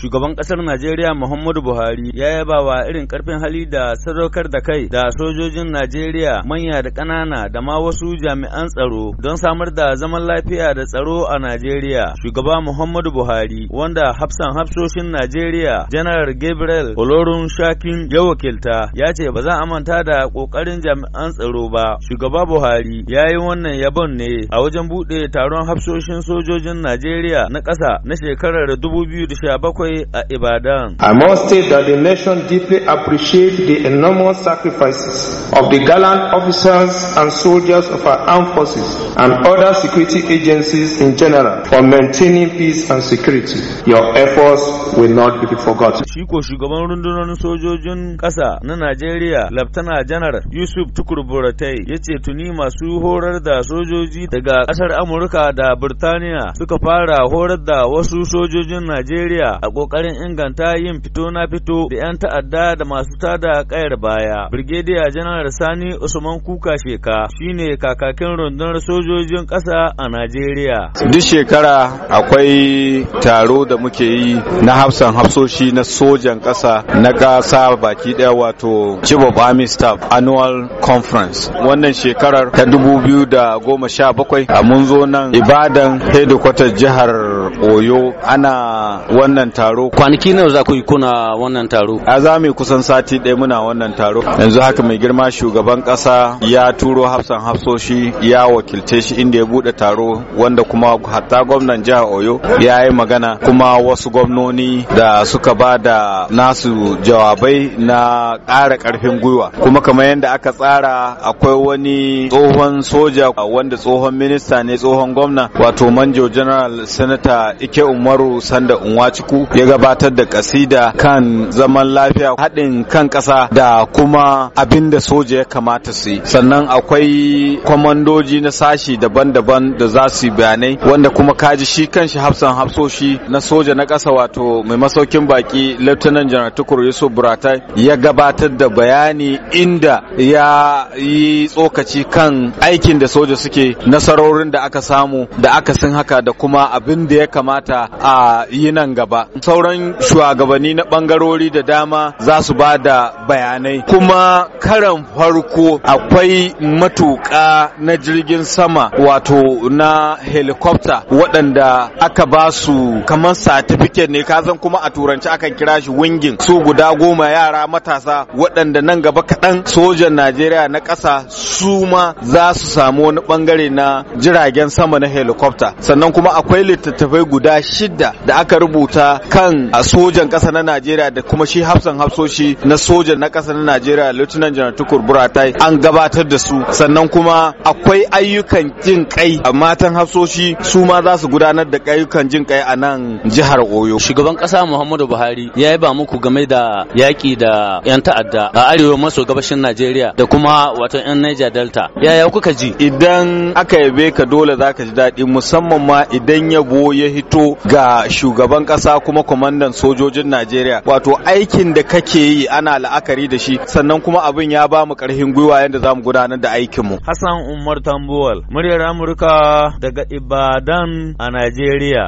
Shugaban ƙasar Najeriya Muhammadu Buhari ya yaba wa irin karfin hali da sadaukar da kai da sojojin Najeriya manya da ƙanana da ma wasu jami'an tsaro don samar da zaman lafiya da tsaro a Najeriya. Shugaba Muhammadu Buhari wanda hafsan hafsoshin Najeriya Janaral Gabriel Olorun Shakin ya wakilta ya ce ba za a manta da ƙoƙarin jami'an tsaro ba. Shugaba Buhari ya yi wannan yabon ne a wajen buɗe taron hafsoshin sojojin Najeriya na ƙasa na shekarar 2017 bakwai a Ibadan. I must state that the nation deeply appreciates the enormous sacrifices of the gallant officers and soldiers of our armed forces and other security agencies in general for maintaining peace and security. Your efforts will not be forgotten. Shi ko shugaban rundunar sojojin ƙasa na Najeriya, Laftana Janar Yusuf Tukur Buratai ya ce tuni masu horar da sojoji daga ƙasar Amurka da Birtaniya suka fara horar da wasu sojojin Najeriya a ƙoƙarin inganta yin fito na fito da 'yan ta'adda da masu tada kayar baya. Brigadier General Sani Usman Kuka Sheka shine kakakin rundunar sojojin ƙasa a Najeriya. Duk shekara akwai taro da muke yi na hafsan hafsoshi na sojan ƙasa na gasa baki ɗaya wato Chief Army Staff Annual Conference. Wannan shekarar ta 2017 mun zo nan Ibadan hedikwatar jihar oyo ana wannan taro kwanaki nawa za ku yi kuna wannan taro a za mu kusan sati ɗaya muna wannan taro yanzu haka mai girma shugaban ƙasa ya turo hafsan hafsoshi ya wakilce shi inda ya buɗe taro wanda kuma hatta gwamnan jihar oyo ya yi magana kuma wasu gwamnoni da suka ba da nasu jawabai na ƙara ƙarfin gwiwa kuma kamar yadda aka tsara akwai wani tsohon soja wanda tsohon minista ne tsohon gwamna wato manjo general senator Ike Umaru Sanda Unwachiku ya gabatar da kasida kan zaman lafiya haɗin kan ƙasa da kuma abin da soja ya kamata su yi. Sannan akwai kwamandoji na sashi daban-daban da za su bayanai wanda kuma kaji shi kanshi hafsan hafsoshi na soja na ƙasa wato mai masaukin baki Lieutenant General Tukur Yusuf Buratai ya gabatar da bayani inda ya yi tsokaci kan aikin da soja suke nasarorin da aka samu da aka haka da kuma abin da ya ya kamata a yi nan gaba sauran shugabanni na bangarori da dama za su ba da bayanai kuma karan farko akwai matuƙa na jirgin sama wato na helicopter waɗanda aka ba su kamar satifiket ne kazan kuma a turanci akan kira shi wingin su guda goma yara matasa waɗanda nan gaba kaɗan sojan najeriya na ƙasa su ma za su samu wani ɓangare na jiragen sama na helicopter sannan kuma akwai littattafai littattafai guda shida da aka rubuta kan a sojan ƙasa na Najeriya da kuma shi hafsan hafsoshi na sojan na ƙasa na Najeriya Lieutenant General Tukur Buratai an gabatar da su sannan kuma akwai ayyukan jin kai a matan hafsoshi su ma za su gudanar da ayyukan jin kai a nan jihar Oyo. Shugaban ƙasa Muhammadu Buhari ya yi ba muku game da yaƙi da 'yan ta'adda a arewa maso gabashin Najeriya da kuma wato 'yan Niger Delta. Yaya kuka ji? Idan aka yabe ka dole za ka ji daɗi musamman ma idan ya ya ya hito ga shugaban kasa kuma kwamandan sojojin Najeriya wato aikin da kake yi ana la'akari da shi sannan kuma abin ya ba mu karhin gwiwa yadda za mu gudanar da aikinmu. Hassan Umar Tambuwal, muryar Amurka daga Ibadan a Najeriya.